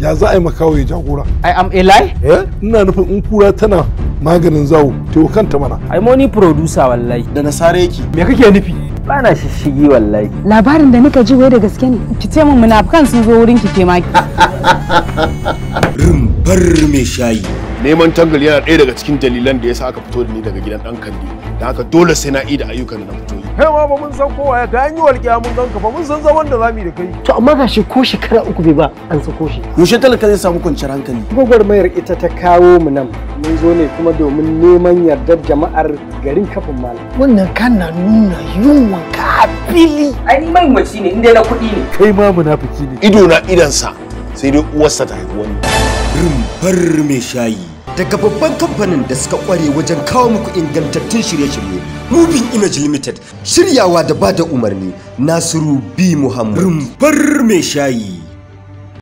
ya za a yi makawo ya jagora i am a lie eh ina nufin in kura tana maganin zawo to kanta mana ai mo ni producer wallahi da nasare yake me kake nufi bana shishigi wallahi labarin da nika ji wai da gaske ne ki ce mun munafukan sun zo wurin ki ke maki Rumbar mai shayi neman tangal yana ɗaya daga cikin dalilan da ya sa aka fito da ni daga gidan ɗan kandi da haka dole sai na ida ayyukan da na fito yi kai ba mun san kowa ya ga an yi walƙiya mun ganka ba mun san zaman da zamu yi da kai to amma ga shi ko shekara uku bai ba an ko shi yaushe talaka zai samu kwanciyar hankali gwagwarmayar ita ta kawo mu nan mun zo ne kuma domin neman yardar jama'ar garin kafin malam wannan kan na nuna yunwa ka fili ai mai mace ne inda na kuɗi ne kai ma munafiki ne ido na idansa sai dai uwarsa ta haifi wani rumfar mai shayi daga babban kamfanin da suka kware wajen kawo muku ingantattun shirye-shirye moving image limited shiryawa da bada umarni nasiru b muhammad rumfar mai shayi